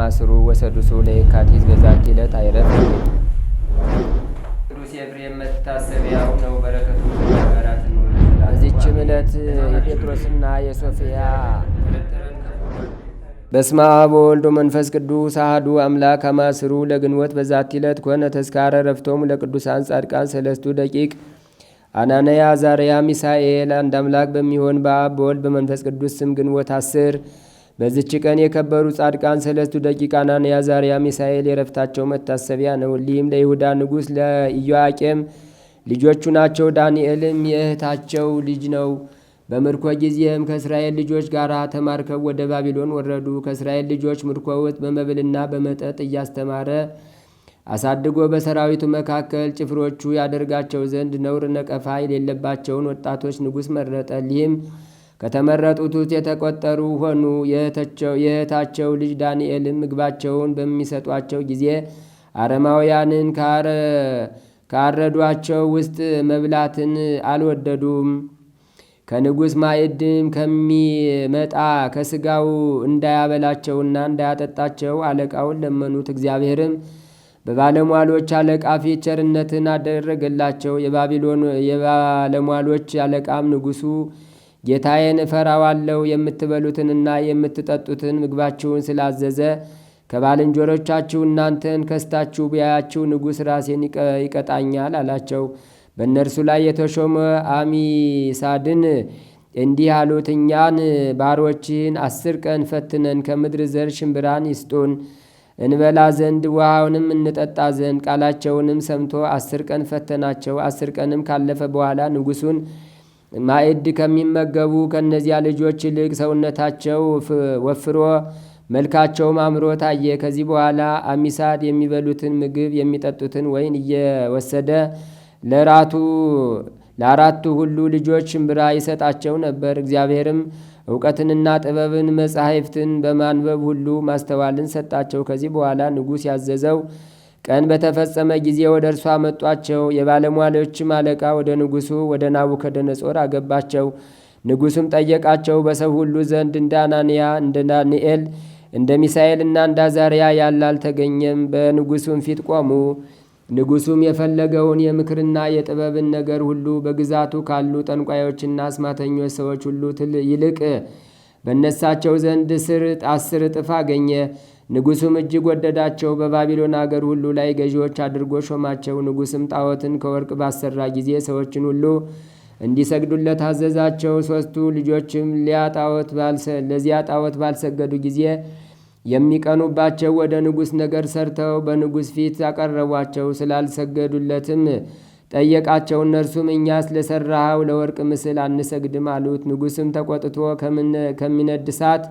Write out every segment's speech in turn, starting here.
ማስሩ ወሰዱሱ ለየካቲት በዛቲ ዕለት አይረፍ። ቅዱስ ኤፍሬም መታሰቢያው ነው። በረከቱ በዚችም ዕለት የጴጥሮስና የሶፊያ በስማ በወልዶ መንፈስ ቅዱስ አህዱ አምላክ አማስሩ ለግንቦት በዛቲ ዕለት ኮነ ተስካረ ረፍቶም ለቅዱሳን ጻድቃን ሰለስቱ ደቂቅ አናንያ፣ አዛርያ፣ ሚሳኤል አንድ አምላክ በሚሆን በአብ በወልድ በመንፈስ ቅዱስ ስም ግንቦት አስር በዚች ቀን የከበሩ ጻድቃን ሰለስቱ ደቂቅ ሐናንያ፣ አዛርያ፣ ሚሳኤል የረፍታቸው መታሰቢያ ነው። ሊም ለይሁዳ ንጉሥ ለኢዮአቄም ልጆቹ ናቸው። ዳንኤልም የእህታቸው ልጅ ነው። በምርኮ ጊዜም ከእስራኤል ልጆች ጋር ተማርከው ወደ ባቢሎን ወረዱ። ከእስራኤል ልጆች ምርኮውት በመብልና በመጠጥ እያስተማረ አሳድጎ በሰራዊቱ መካከል ጭፍሮቹ ያደርጋቸው ዘንድ ነውር ነቀፋ የሌለባቸውን ወጣቶች ንጉሥ መረጠ። ሊህም ከተመረጡት የተቆጠሩ ሆኑ። የእህታቸው ልጅ ዳንኤልም ምግባቸውን በሚሰጧቸው ጊዜ አረማውያንን ካረዷቸው ውስጥ መብላትን አልወደዱም። ከንጉሥ ማዕድም ከሚመጣ ከስጋው እንዳያበላቸውና እንዳያጠጣቸው አለቃውን ለመኑት። እግዚአብሔርም በባለሟሎች አለቃ ፊት ቸርነትን አደረገላቸው። የባቢሎን የባለሟሎች አለቃም ንጉሱ። ጌታዬን እፈራዋለሁ። የምትበሉትንና የምትጠጡትን ምግባችሁን ስላዘዘ ከባልንጀሮቻችሁ እናንተን ከስታችሁ ቢያያችሁ ንጉሥ ራሴን ይቀጣኛል አላቸው። በእነርሱ ላይ የተሾመ አሚሳድን እንዲህ አሉት፣ እኛን ባሮችህን አስር ቀን ፈትነን ከምድር ዘር ሽምብራን ይስጡን እንበላ ዘንድ ውሃውንም እንጠጣ ዘንድ ቃላቸውንም ሰምቶ አስር ቀን ፈተናቸው። አስር ቀንም ካለፈ በኋላ ንጉሱን ማዕድ ከሚመገቡ ከእነዚያ ልጆች ይልቅ ሰውነታቸው ወፍሮ መልካቸውም አምሮ ታየ። ከዚህ በኋላ አሚሳድ የሚበሉትን ምግብ የሚጠጡትን ወይን እየወሰደ ለራቱ ለአራቱ ሁሉ ልጆች ሽምብራ ይሰጣቸው ነበር። እግዚአብሔርም እውቀትንና ጥበብን መጻሕፍትን በማንበብ ሁሉ ማስተዋልን ሰጣቸው። ከዚህ በኋላ ንጉሥ ያዘዘው ቀን በተፈጸመ ጊዜ ወደ እርሷ መጧቸው። የባለሟሎችም አለቃ ወደ ንጉሱ ወደ ናቡከደነጾር አገባቸው። ንጉሱም ጠየቃቸው። በሰው ሁሉ ዘንድ እንደ አናንያ፣ እንደ ዳንኤል፣ እንደ ሚሳኤልና እንደ አዛርያ ያለ አልተገኘም። በንጉሱም ፊት ቆሙ። ንጉሱም የፈለገውን የምክርና የጥበብን ነገር ሁሉ በግዛቱ ካሉ ጠንቋዮችና አስማተኞች ሰዎች ሁሉ ይልቅ በእነሳቸው ዘንድ ስር አስር እጥፍ አገኘ። ንጉሱም እጅግ ወደዳቸው፣ በባቢሎን አገር ሁሉ ላይ ገዢዎች አድርጎ ሾማቸው። ንጉስም ጣዖትን ከወርቅ ባሰራ ጊዜ ሰዎችን ሁሉ እንዲሰግዱለት አዘዛቸው። ሦስቱ ልጆችም ለዚያ ጣዖት ባልሰገዱ ጊዜ የሚቀኑባቸው ወደ ንጉሥ ነገር ሰርተው በንጉሥ ፊት አቀረቧቸው። ስላልሰገዱለትም ጠየቃቸው። እነርሱም እኛስ ለሠራኸው ለወርቅ ምስል አንሰግድም አሉት። ንጉሥም ተቆጥቶ ከሚነድሳት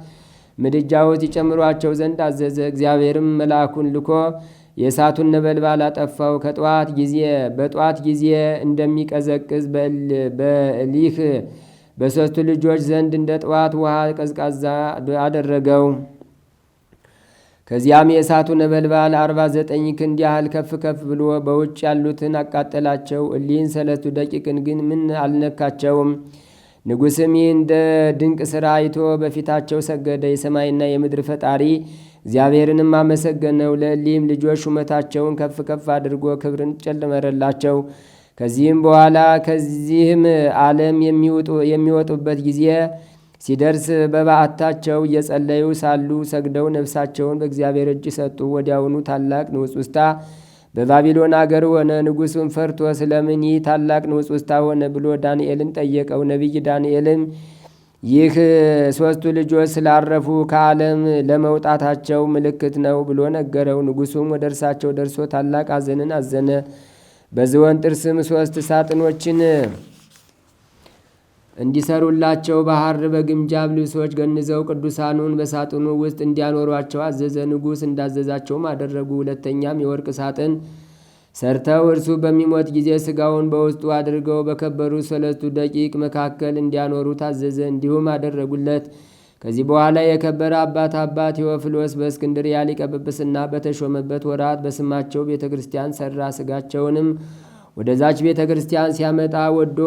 ምድጃዎች ይጨምሯቸው ዘንድ አዘዘ። እግዚአብሔርም መልአኩን ልኮ የእሳቱን ነበልባል አጠፋው። ከጠዋት ጊዜ በጠዋት ጊዜ እንደሚቀዘቅዝ በሊህ በሦስቱ ልጆች ዘንድ እንደ ጠዋት ውሃ ቀዝቃዛ አደረገው። ከዚያም የእሳቱ ነበልባል አርባ ዘጠኝ ክንድ ያህል ከፍ ከፍ ብሎ በውጭ ያሉትን አቃጠላቸው። እሊህን ሰለቱ ደቂቅን ግን ምን አልነካቸውም። ንጉሥም ይህ እንደ ድንቅ ሥራ አይቶ በፊታቸው ሰገደ። የሰማይና የምድር ፈጣሪ እግዚአብሔርንም አመሰገነው። ለእሊም ልጆች ሹመታቸውን ከፍ ከፍ አድርጎ ክብርን ጨለመረላቸው። ከዚህም በኋላ ከዚህም ዓለም የሚወጡበት ጊዜ ሲደርስ በበዓታቸው እየጸለዩ ሳሉ ሰግደው ነፍሳቸውን በእግዚአብሔር እጅ ሰጡ። ወዲያውኑ ታላቅ ንውጽ ውስታ በባቢሎን አገር ሆነ። ንጉሡም ፈርቶ ስለምን ይህ ታላቅ ንውጽውጽታ ሆነ ብሎ ዳንኤልን ጠየቀው። ነቢይ ዳንኤልም ይህ ሶስቱ ልጆች ስላረፉ ከዓለም ለመውጣታቸው ምልክት ነው ብሎ ነገረው። ንጉሱም ወደ እርሳቸው ደርሶ ታላቅ አዘንን አዘነ። በዝሆን ጥርስም ሶስት ሳጥኖችን እንዲሰሩላቸው በሐር በግምጃብ ልብሶች ገንዘው ቅዱሳኑን በሳጥኑ ውስጥ እንዲያኖሯቸው አዘዘ። ንጉሥ እንዳዘዛቸውም አደረጉ። ሁለተኛም የወርቅ ሳጥን ሰርተው እርሱ በሚሞት ጊዜ ስጋውን በውስጡ አድርገው በከበሩ ሰለስቱ ደቂቅ መካከል እንዲያኖሩ ታዘዘ። እንዲሁም አደረጉለት። ከዚህ በኋላ የከበረ አባት አባት ቴዎፍሎስ በእስክንድርያ ሊቀ ጵጵስና በተሾመበት ወራት በስማቸው ቤተ ክርስቲያን ሠራ። ስጋቸውንም ወደዛች ቤተ ክርስቲያን ሲያመጣ ወዶ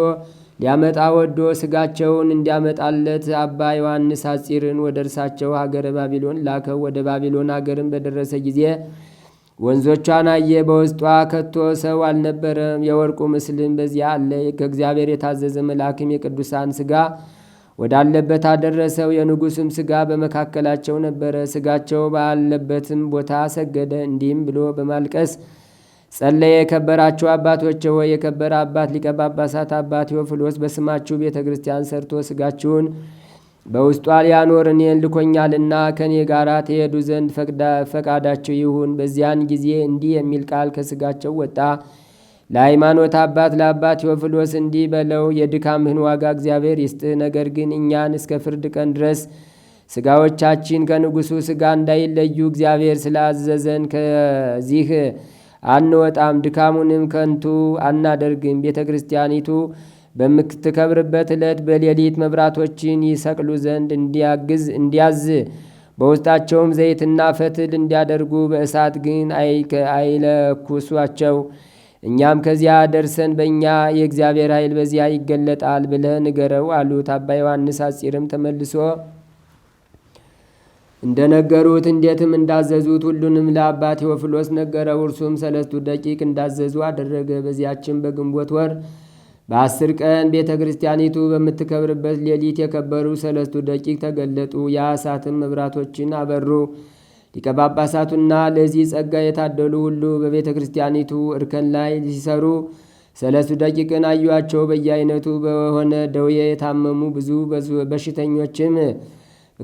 ሊያመጣ ወዶ ስጋቸውን እንዲያመጣለት አባ ዮሐንስ አጺርን ወደ እርሳቸው ሀገረ ባቢሎን ላከው። ወደ ባቢሎን አገርን በደረሰ ጊዜ ወንዞቿን አየ፣ በውስጧ ከቶ ሰው አልነበረም። የወርቁ ምስልም በዚያ አለ። ከእግዚአብሔር የታዘዘ መልአክም የቅዱሳን ስጋ ወዳለበት አደረሰው። የንጉሥም ስጋ በመካከላቸው ነበረ። ስጋቸው ባለበትም ቦታ ሰገደ፣ እንዲህም ብሎ በማልቀስ ጸለየ። የከበራችሁ አባቶች ሆይ የከበረ አባት ሊቀ ጳጳሳት አባ ቴዎፍሎስ በስማችሁ ቤተ ክርስቲያን ሰርቶ ስጋችሁን በውስጧ ሊያኖር እኔን ልኮኛልና ከእኔ ጋር ትሄዱ ዘንድ ፈቃዳችሁ ይሁን። በዚያን ጊዜ እንዲህ የሚል ቃል ከስጋቸው ወጣ። ለሃይማኖት አባት ለአባት ቴዎፍሎስ እንዲህ በለው፣ የድካምህን ዋጋ እግዚአብሔር ይስጥህ። ነገር ግን እኛን እስከ ፍርድ ቀን ድረስ ስጋዎቻችን ከንጉሱ ስጋ እንዳይለዩ እግዚአብሔር ስላዘዘን ከዚህ አንወጣም፣ ድካሙንም ከንቱ አናደርግም። ቤተ ክርስቲያኒቱ በምትከብርበት ዕለት በሌሊት መብራቶችን ይሰቅሉ ዘንድ እንዲያግዝ እንዲያዝ በውስጣቸውም ዘይትና ፈትል እንዲያደርጉ በእሳት ግን አይለኩሷቸው። እኛም ከዚያ ደርሰን በእኛ የእግዚአብሔር ኃይል በዚያ ይገለጣል ብለህ ንገረው አሉት። አባ ዮሐንስ አጺርም ተመልሶ እንደ ነገሩት እንዴትም እንዳዘዙት ሁሉንም ለአባ ቴዎፍሎስ ነገረው። እርሱም ሰለስቱ ደቂቅ እንዳዘዙ አደረገ። በዚያችን በግንቦት ወር በአስር ቀን ቤተ ክርስቲያኒቱ በምትከብርበት ሌሊት የከበሩ ሰለስቱ ደቂቅ ተገለጡ። የእሳትም መብራቶችን አበሩ። ሊቀ ጳጳሳቱና ለዚህ ጸጋ የታደሉ ሁሉ በቤተ ክርስቲያኒቱ እርከን ላይ ሲሰሩ ሰለስቱ ደቂቅን አዩአቸው። በየአይነቱ በሆነ ደዌ የታመሙ ብዙ በሽተኞችም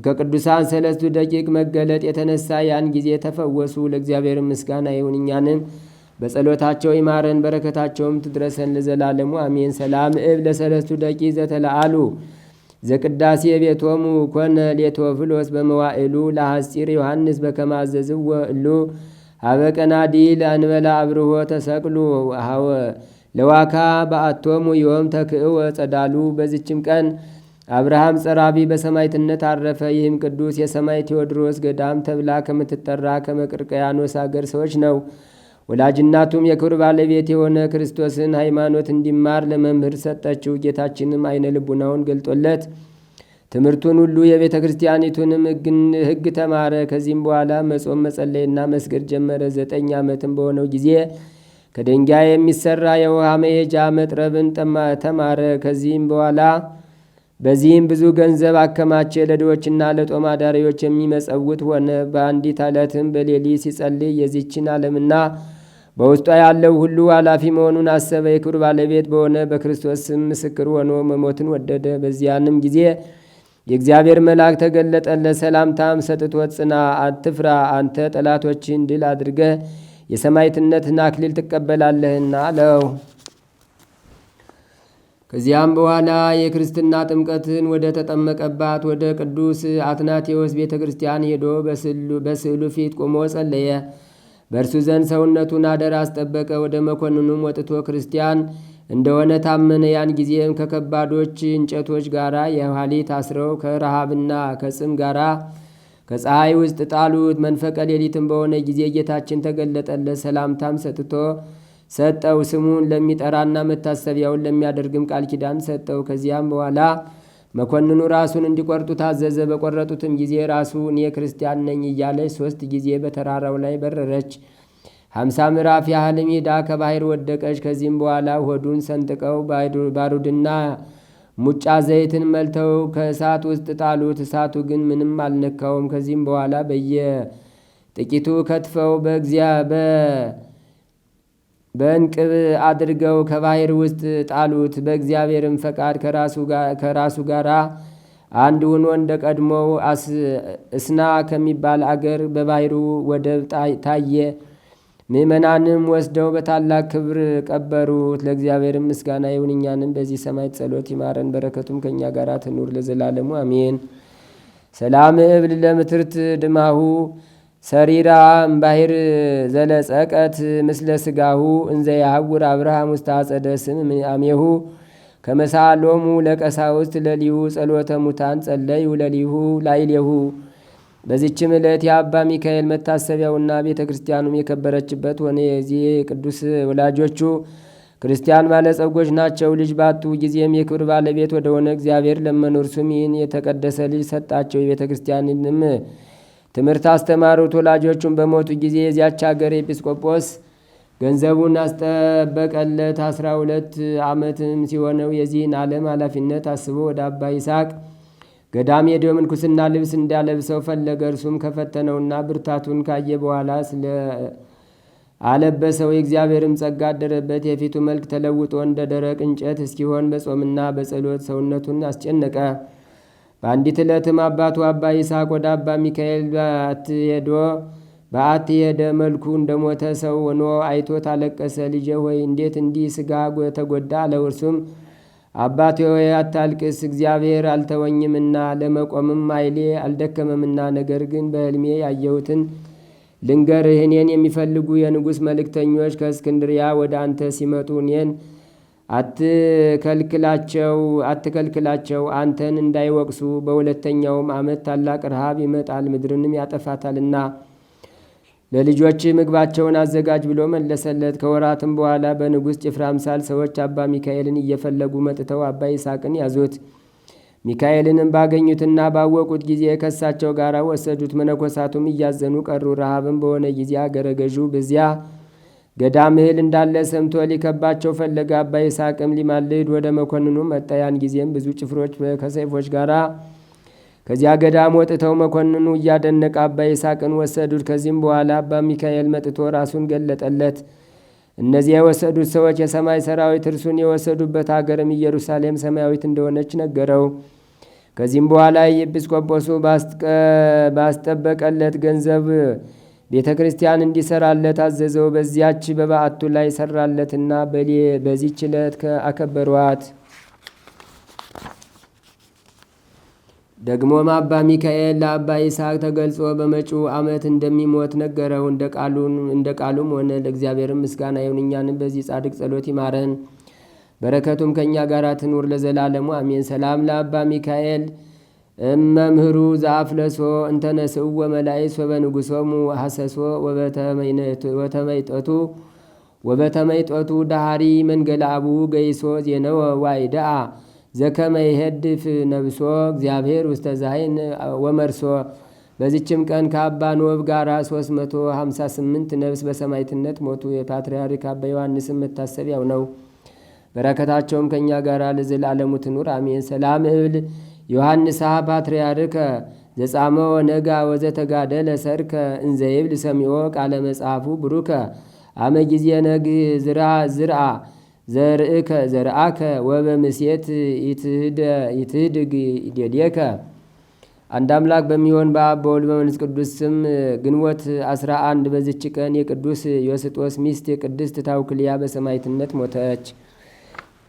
ከቅዱሳን ሰለስቱ ደቂቅ መገለጥ የተነሳ ያን ጊዜ ተፈወሱ። ለእግዚአብሔር ምስጋና ይሁን፣ እኛንም በጸሎታቸው ይማረን፣ በረከታቸውም ትድረሰን ለዘላለሙ አሜን። ሰላም እብ ለሰለስቱ ደቂቅ ዘተለአሉ ዘቅዳሴ ቤቶሙ ኮነ ሌቶፍሎስ በመዋዕሉ ለሐስጢር ዮሐንስ በከማዘዝ እሉ አበቀናዲ ለአንበላ አብርሆ ተሰቅሉ ለዋካ በአቶሙ ዮም ተክእወ ጸዳሉ በዚችም ቀን አብርሃም ጸራቢ በሰማይትነት አረፈ። ይህም ቅዱስ የሰማይ ቴዎድሮስ ገዳም ተብላ ከምትጠራ ከመቅርቀያኖስ አገር ሰዎች ነው። ወላጅናቱም የክብር ባለቤት የሆነ ክርስቶስን ሃይማኖት እንዲማር ለመምህር ሰጠችው። ጌታችንም አይነ ልቡናውን ገልጦለት ትምህርቱን ሁሉ የቤተ ክርስቲያኒቱንም ሕግ ተማረ። ከዚህም በኋላ መጾም መጸለይና መስገድ ጀመረ። ዘጠኝ ዓመትም በሆነው ጊዜ ከድንጋይ የሚሠራ የውሃ መሄጃ መጥረብን ተማረ። ከዚህም በኋላ በዚህም ብዙ ገንዘብ አከማቸ። ለድሆችና ለጦም አዳሪዎች የሚመጸውት ሆነ። በአንዲት ዕለትም በሌሊት ሲጸልይ የዚችን ዓለምና በውስጧ ያለው ሁሉ ኃላፊ መሆኑን አሰበ። የክብር ባለቤት በሆነ በክርስቶስ ስም ምስክር ሆኖ መሞትን ወደደ። በዚያንም ጊዜ የእግዚአብሔር መልአክ ተገለጠለት። ሰላምታም ሰጥቶ ጽና፣ አትፍራ፣ አንተ ጠላቶችን ድል አድርገህ የሰማዕትነትን አክሊል ትቀበላለህና አለው። ከዚያም በኋላ የክርስትና ጥምቀትን ወደ ተጠመቀባት ወደ ቅዱስ አትናቴዎስ ቤተ ክርስቲያን ሄዶ በስዕሉ ፊት ቆሞ ጸለየ። በእርሱ ዘንድ ሰውነቱን አደር አስጠበቀ። ወደ መኮንኑም ወጥቶ ክርስቲያን እንደሆነ ታመነ። ያን ጊዜም ከከባዶች እንጨቶች ጋራ የኋሊት አስረው ከረሃብና ከጽም ጋራ ከፀሐይ ውስጥ ጣሉት። መንፈቀ ሌሊትም በሆነ ጊዜ ጌታችን ተገለጠለት። ሰላምታም ሰጥቶ ሰጠው። ስሙን ለሚጠራና መታሰቢያውን ለሚያደርግም ቃል ኪዳን ሰጠው። ከዚያም በኋላ መኮንኑ ራሱን እንዲቆርጡ ታዘዘ። በቆረጡትም ጊዜ ራሱ እኔ ክርስቲያን ነኝ እያለች ሦስት ጊዜ በተራራው ላይ በረረች። ሀምሳ ምዕራፍ ያህል ሜዳ ከባሕር ወደቀች። ከዚህም በኋላ ሆዱን ሰንጥቀው ባሩድና ሙጫ ዘይትን መልተው ከእሳት ውስጥ ጣሉት። እሳቱ ግን ምንም አልነካውም። ከዚህም በኋላ በየጥቂቱ ከትፈው በእግዚያ በእንቅብ አድርገው ከባህር ውስጥ ጣሉት። በእግዚአብሔርም ፈቃድ ከራሱ ጋር አንድ ሆኖ እንደ ቀድሞው እስና ከሚባል አገር በባህሩ ወደብ ታየ። ምእመናንም ወስደው በታላቅ ክብር ቀበሩት። ለእግዚአብሔርም ምስጋና ይሁን፣ እኛንም በዚህ ሰማይ ጸሎት ይማረን፣ በረከቱም ከእኛ ጋር ትኑር ለዘላለሙ አሜን። ሰላም እብል ለምትርት ድማሁ ሰሪራ እምባሂር ዘለጸቀት ምስለ ስጋሁ እንዘያውር አብርሃም ውስተ አጸደ ስም አሜሁ ከመሳሎሙ ለቀሳውስት ለሊሁ ጸሎተ ሙታን ጸለዩ ለሊሁ ላይሌሁ። በዚችም ዕለት የአባ ሚካኤል መታሰቢያውና ቤተ ክርስቲያኑም የከበረችበት ሆነ። የዚህ ቅዱስ ወላጆቹ ክርስቲያን ባለጸጎች ናቸው። ልጅ ባቱ ጊዜም የክብር ባለቤት ወደ ሆነ እግዚአብሔር ለመኖር ሱም ይህን የተቀደሰ ልጅ ሰጣቸው። የቤተ ክርስቲያንንም ትምህርት አስተማሩት። ወላጆቹን በሞቱ ጊዜ የዚያች ሀገር ኤጲስቆጶስ ገንዘቡን አስጠበቀለት። አስራ ሁለት ዓመትም ሲሆነው የዚህን ዓለም ኃላፊነት አስቦ ወደ አባ ይስሐቅ ገዳም ሄዶ ምንኩስና ልብስ እንዳለብሰው ፈለገ። እርሱም ከፈተነውና ብርታቱን ካየ በኋላ ስለ አለበሰው የእግዚአብሔርም ጸጋ አደረበት። የፊቱ መልክ ተለውጦ እንደ ደረቅ እንጨት እስኪሆን በጾምና በጸሎት ሰውነቱን አስጨነቀ። በአንዲት ዕለትም አባቱ አባ ይስሐቅ ወደ አባ ሚካኤል በአትሄዶ በአትሄደ መልኩ እንደሞተ ሰው ሆኖ አይቶ ታለቀሰ። ልጄ ሆይ እንዴት እንዲህ ስጋ ተጎዳ አለው። እርሱም አባቴ ሆይ አታልቅስ፣ እግዚአብሔር አልተወኝምና ለመቆምም አይሌ አልደከመምና፣ ነገር ግን በሕልሜ ያየሁትን ልንገርህ። እኔን የሚፈልጉ የንጉሥ መልእክተኞች ከእስክንድሪያ ወደ አንተ ሲመጡ እኔን አትከልክላቸው አትከልክላቸው አንተን እንዳይወቅሱ። በሁለተኛውም ዓመት ታላቅ ረሃብ ይመጣል፣ ምድርንም ያጠፋታልና ለልጆች ምግባቸውን አዘጋጅ ብሎ መለሰለት። ከወራትም በኋላ በንጉሥ ጭፍራ አምሳል ሰዎች አባ ሚካኤልን እየፈለጉ መጥተው አባ ይስሐቅን ያዙት። ሚካኤልንም ባገኙትና ባወቁት ጊዜ ከእሳቸው ጋር ወሰዱት። መነኮሳቱም እያዘኑ ቀሩ። ረሃብም በሆነ ጊዜ አገረገዡ በዚያ ገዳም እህል እንዳለ ሰምቶ ሊከባቸው ፈለገ። አባ ይስሐቅም ሊማልድ ወደ መኮንኑ መጣ። ያን ጊዜም ብዙ ጭፍሮች ከሰይፎች ጋር ከዚያ ገዳም ወጥተው መኮንኑ እያደነቀ አባ ይስሐቅን ወሰዱት። ከዚህም በኋላ አባ ሚካኤል መጥቶ ራሱን ገለጠለት። እነዚያ የወሰዱት ሰዎች የሰማይ ሰራዊት እርሱን የወሰዱበት አገርም ኢየሩሳሌም ሰማያዊት እንደሆነች ነገረው። ከዚህም በኋላ የኤጲስቆጶሱ ባስጠበቀለት ገንዘብ ቤተ ክርስቲያን እንዲሰራለት አዘዘው። በዚያች በበዓቱ ላይ ሰራለትና በዚች ዕለት አከበሯት። ደግሞም አባ ሚካኤል ለአባ ይስሐቅ ተገልጾ በመጪው ዓመት እንደሚሞት ነገረው። እንደ ቃሉም ሆነ። ለእግዚአብሔር ምስጋና ይሁን፣ እኛንም በዚህ ጻድቅ ጸሎት ይማረን፣ በረከቱም ከእኛ ጋር ትኑር ለዘላለሙ አሜን። ሰላም ለአባ ሚካኤል እመምህሩ ዘአፍለሶ እንተነስእዎ ወመላይስ ወበንጉሶሙ ሐሰሶ ወተመይጠቱ ወበተመይጠቱ ዳሃሪ መንገላ አቡ ገይሶ ዜነወ ዋይዳአ ዘከመ ይሄድፍ ነብሶ እግዚአብሔር ውስተ ዛይን ወመርሶ። በዚችም ቀን ከአባ ኖብ ጋራ 358 ነብስ በሰማይትነት ሞቱ። የፓትርያርክ አባ ዮሐንስም መታሰቢያው ነው። በረከታቸውም ከእኛ ጋራ ለዘላለሙ ትኑር አሜን። ሰላም እብል ዮሐንስ ፓትርያርከ ዘጻመ ወዘ ተጋደለ ሰርከ እንዘይብል ሰሚዖ ቃለ መጽሐፉ ብሩከ አመ ጊዜ ነግ ዝራ ዝርአ ዘርእከ ዘርአከ ወበምሴት ይትህድግ ይደልየከ። አንድ አምላክ በሚሆን በአብ በወልድ በመንፈስ ቅዱስ ስም ግንቦት 11 በዚች ቀን የቅዱስ ዮስጦስ ሚስት የቅድስት ታውክልያ በሰማይትነት ሞተች።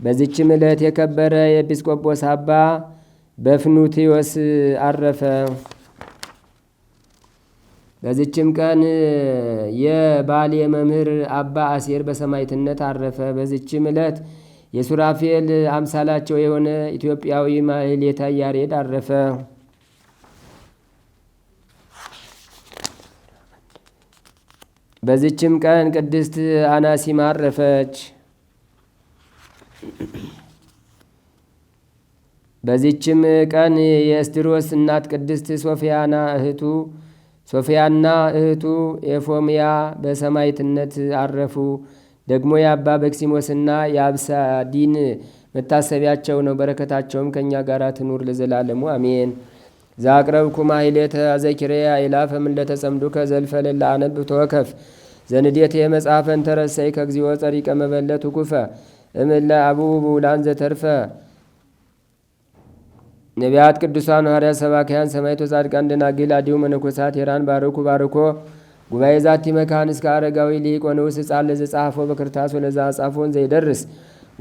በዚችም ዕለት የከበረ የኤጲስቆጶስ አባ በፍኑትዮስ አረፈ። በዚችም ቀን የባሌ መምህር አባ አሴር በሰማይትነት አረፈ። በዚችም ዕለት የሱራፌል አምሳላቸው የሆነ ኢትዮጵያዊ ማሕሌተ ያሬድ አረፈ። በዚችም ቀን ቅድስት አናሲማ አረፈች። በዚችም ቀን የእስድሮስ እናት ቅድስት ሶፊያና እህቱ ሶፊያና እህቱ ኤፎምያ በሰማይትነት አረፉ። ደግሞ የአባ በክሲሞስና የአብሳዲን መታሰቢያቸው ነው። በረከታቸውም ከእኛ ጋር ትኑር ለዘላለሙ አሜን። ዛቅረብኩ ማይሌተ አዘኪሬያ ኢላፈ ምለተጸምዱከ ዘልፈልላ አነብ ተወከፍ ዘንዴት የመጽሐፈን ተረሰይ ከግዚኦ ጸሪቀ መበለት ኩፈ እምለ አቡቡ ላን ዘተርፈ ነቢያት፣ ቅዱሳን ሐዋርያት፣ ሰባክያን፣ ሰማዕታት፣ ጻድቃን፣ ደናግል አዲሁ መነኮሳት ሄራን ባርኩ ባርኮ ጉባኤ ዛቲ መካን እስከ አረጋዊ ሊቆ ወንዑስ ሕፃን ለዘጻፎ በክርታስ ወለዛ ጻፎን ዘይደርስ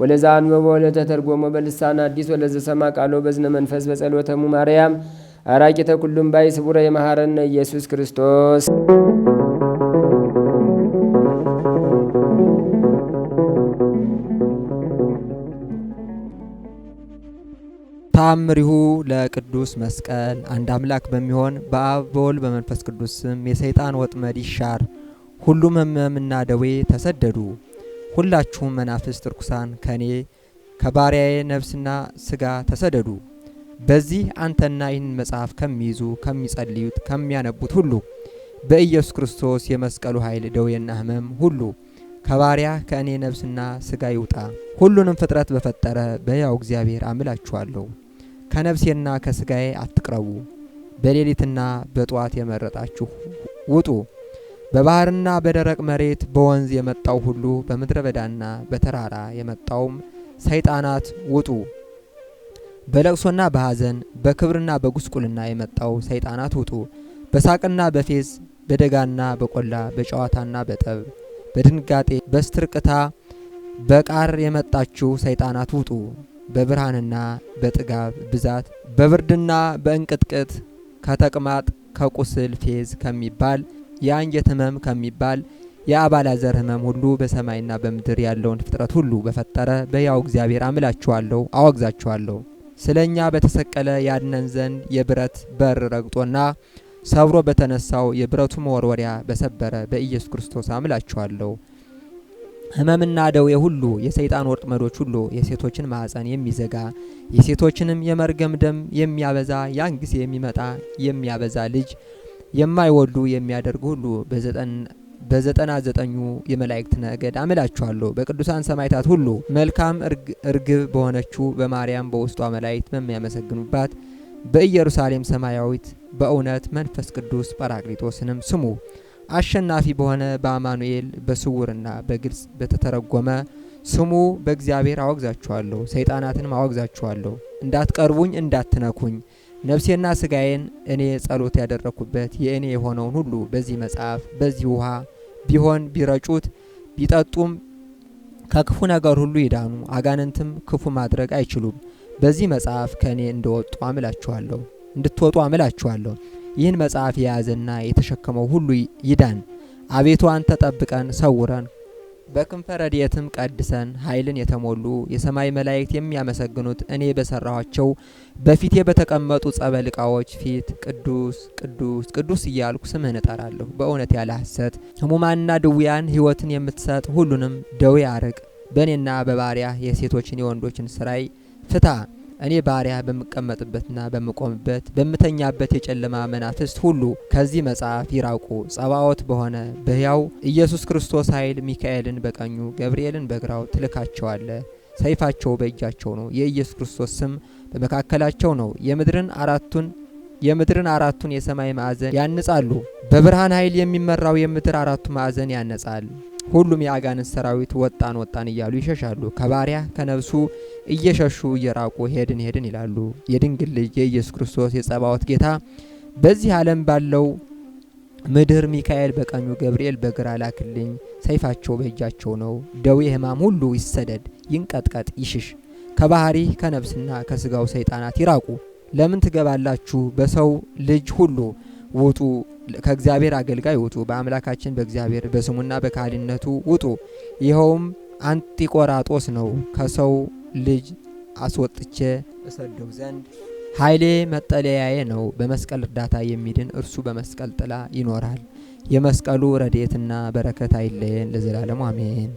ወለዛ አንበቦ ወለተተርጎሞ በልሳን አዲስ ወለዘሰማ ቃሎ በዝነ መንፈስ በጸሎተሙ ማርያም አራቂተ ኩሉም ባይ ስቡረ የመሐረነ ኢየሱስ ክርስቶስ ተአምሪሁ ለቅዱስ መስቀል አንድ አምላክ በሚሆን በአብ በወልድ በመንፈስ ቅዱስ ስም የሰይጣን ወጥመድ ይሻር፣ ሁሉም ህመምና ደዌ ተሰደዱ። ሁላችሁም መናፍስት ርኩሳን ከእኔ ከባሪያዬ ነፍስና ስጋ ተሰደዱ። በዚህ አንተና ይህን መጽሐፍ ከሚይዙ ከሚጸልዩት፣ ከሚያነቡት ሁሉ በኢየሱስ ክርስቶስ የመስቀሉ ኃይል ደዌና ህመም ሁሉ ከባሪያ ከእኔ ነፍስና ስጋ ይውጣ። ሁሉንም ፍጥረት በፈጠረ በሕያው እግዚአብሔር አምላችኋለሁ። ከነፍሴና ከስጋዬ አትቅረቡ። በሌሊትና በጧት የመረጣችሁ ውጡ። በባህርና በደረቅ መሬት በወንዝ የመጣው ሁሉ በምድረ በዳና በተራራ የመጣውም ሰይጣናት ውጡ። በለቅሶና በሐዘን በክብርና በጉስቁልና የመጣው ሰይጣናት ውጡ። በሳቅና በፌዝ በደጋና በቆላ በጨዋታና በጠብ በድንጋጤ በስትርቅታ በቃር የመጣችሁ ሰይጣናት ውጡ። በብርሃንና በጥጋብ ብዛት በብርድና በእንቅጥቅጥ ከተቅማጥ ከቁስል ፌዝ ከሚባል የአንጀት ህመም ከሚባል የአባላዘር ህመም ሁሉ በሰማይና በምድር ያለውን ፍጥረት ሁሉ በፈጠረ በያው እግዚአብሔር አምላችኋለሁ፣ አወግዛችኋለሁ። ስለ እኛ በተሰቀለ ያድነን ዘንድ የብረት በር ረግጦና ሰብሮ በተነሳው የብረቱ መወርወሪያ በሰበረ በኢየሱስ ክርስቶስ አምላችኋለሁ። ህመምና ደዌ ሁሉ የሰይጣን ወጥመዶች ሁሉ የሴቶችን ማኅፀን የሚዘጋ የሴቶችንም የመርገም ደም የሚያበዛ ያን ጊዜ የሚመጣ የሚያበዛ ልጅ የማይወልዱ የሚያደርግ ሁሉ በዘጠና ዘጠኙ የመላእክት ነገድ አምላችኋለሁ። በቅዱሳን ሰማይታት ሁሉ መልካም እርግብ በሆነችው በማርያም በውስጧ መላእክት በሚያመሰግኑባት በኢየሩሳሌም ሰማያዊት በእውነት መንፈስ ቅዱስ ጳራቅሊጦስንም ስሙ። አሸናፊ በሆነ በአማኑኤል በስውርና በግልጽ በተተረጎመ ስሙ በእግዚአብሔር አወግዛችኋለሁ፣ ሰይጣናትንም አወግዛችኋለሁ። እንዳትቀርቡኝ፣ እንዳትነኩኝ ነፍሴና ስጋዬን እኔ ጸሎት ያደረግኩበት የእኔ የሆነውን ሁሉ በዚህ መጽሐፍ በዚህ ውሃ ቢሆን ቢረጩት ቢጠጡም ከክፉ ነገር ሁሉ ይዳኑ፣ አጋንንትም ክፉ ማድረግ አይችሉም። በዚህ መጽሐፍ ከእኔ እንደወጡ አምላችኋለሁ እንድትወጡ አምላችኋለሁ። ይህን መጽሐፍ የያዘና የተሸከመው ሁሉ ይዳን። አቤቱ አንተ ጠብቀን ሰውረን፣ በክንፈ ረድኤትም ቀድሰን። ኃይልን የተሞሉ የሰማይ መላእክት የሚያመሰግኑት እኔ በሠራኋቸው በፊቴ በተቀመጡ ጸበል ዕቃዎች ፊት ቅዱስ ቅዱስ ቅዱስ እያልኩ ስምህን እጠራለሁ። በእውነት ያለ ሐሰት ሕሙማንና ድውያን ሕይወትን የምትሰጥ ሁሉንም ደዌ አርቅ። በእኔና በባሪያ የሴቶችን የወንዶችን ስራይ ፍታ እኔ ባሪያ በምቀመጥበትና በምቆምበት በምተኛበት የጨለማ መናፍስት ሁሉ ከዚህ መጽሐፍ ይራቁ። ጸባዖት በሆነ በሕያው ኢየሱስ ክርስቶስ ኃይል ሚካኤልን በቀኙ ገብርኤልን በግራው ትልካቸዋለ። ሰይፋቸው በእጃቸው ነው። የኢየሱስ ክርስቶስ ስም በመካከላቸው ነው። የምድርን አራቱን የምድርን አራቱን የሰማይ ማዕዘን ያንጻሉ። በብርሃን ኃይል የሚመራው የምድር አራቱ ማዕዘን ያነጻል። ሁሉም የአጋንንት ሰራዊት ወጣን ወጣን እያሉ ይሸሻሉ። ከባሪያ ከነብሱ እየሸሹ እየራቁ ሄድን ሄድን ይላሉ። የድንግል ልጅ የኢየሱስ ክርስቶስ የጸባዖት ጌታ በዚህ ዓለም ባለው ምድር ሚካኤል በቀኙ ገብርኤል በግራ ላክልኝ፣ ሰይፋቸው በእጃቸው ነው። ደዌ ሕማም ሁሉ ይሰደድ፣ ይንቀጥቀጥ፣ ይሽሽ። ከባህሪ ከነብስና ከስጋው ሰይጣናት ይራቁ። ለምን ትገባላችሁ በሰው ልጅ ሁሉ ውጡ፣ ከእግዚአብሔር አገልጋይ ውጡ፣ በአምላካችን በእግዚአብሔር በስሙና በካህንነቱ ውጡ። ይኸውም አንጢቆራጦስ ነው። ከሰው ልጅ አስወጥቼ እሰደው ዘንድ ኃይሌ መጠለያዬ ነው። በመስቀል እርዳታ የሚድን እርሱ በመስቀል ጥላ ይኖራል። የመስቀሉ ረድኤትና በረከት አይለየን ለዘላለሙ አሜን።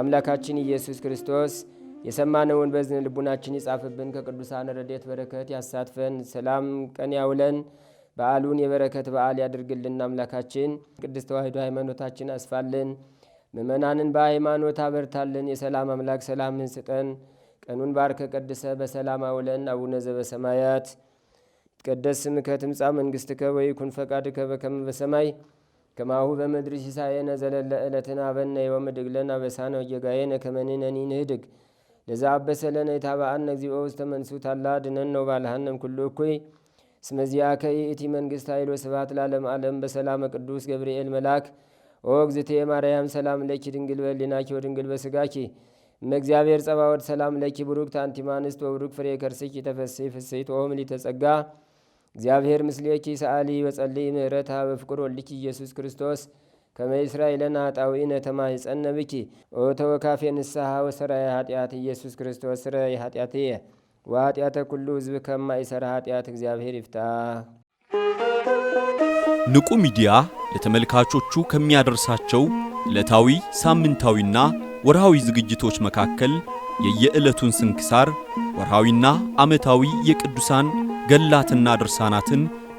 አምላካችን ኢየሱስ ክርስቶስ የሰማነውን በዝን ልቡናችን ይጻፍብን፣ ከቅዱሳን ረድኤት በረከት ያሳትፈን፣ ሰላም ቀን ያውለን፣ በዓሉን የበረከት በዓል ያድርግልን። አምላካችን ቅድስት ተዋሕዶ ሃይማኖታችን አስፋልን፣ ምእመናንን በሃይማኖት አበርታልን። የሰላም አምላክ ሰላምን ስጠን፣ ቀኑን ባርከ ቀድሰ በሰላም አውለን። አቡነ ዘበሰማያት ይትቀደስ ስምከ ትምጻእ መንግሥትከ ወይኩን ፈቃድከ በከመ በሰማይ ከማሁ በምድሪ ሲሳየነ ዘለለ ዕለትነ ሀበነ ዮም ወኅድግ ለነ አበሳነ ወጌጋየነ ከመ ንሕነኒ ንኅድግ ለዘአበሰለነ የታብአነ እግዚኦ ውስተ መንሱት አላ ድነን ነው ባልሃንም ኩሉ እኩይ ከይ እቲ መንግስት ኃይሎ ስብሐት ላለም ዓለም በሰላም ቅዱስ ገብርኤል መልአክ ኦ እግዝቴ ማርያም ሰላም ለኪ ድንግል በሊናኪ ወድንግል በስጋኪ እመእግዚአብሔር ጸባወት ሰላም ለኪ ብሩክ አንቲ ወብሩክ ፍሬ ከርስኪ ተፈሥሒ ፍሥሕት ኦም ሊተጸጋ እግዚአብሔር ምስሌኪ ሰአሊ በጸልይ ምህረታ በፍቅር ወልኪ ኢየሱስ ክርስቶስ ከመ እስራኤልን አጣዊነ ተማኅፀነ ብኪ ኦ ተወካፌ ንስሐ ወሰራይ ኃጢአት ኢየሱስ ክርስቶስ ስረይ ኃጢአትየ ወኃጢአተ ኩሉ ከማ ከማይሰራ ኃጢአት እግዚአብሔር ይፍታ። ንቁ ሚዲያ ለተመልካቾቹ ከሚያደርሳቸው ዕለታዊ ሳምንታዊና ወርሃዊ ዝግጅቶች መካከል የየዕለቱን ስንክሳር ወርሃዊና ዓመታዊ የቅዱሳን ገላትና ድርሳናትን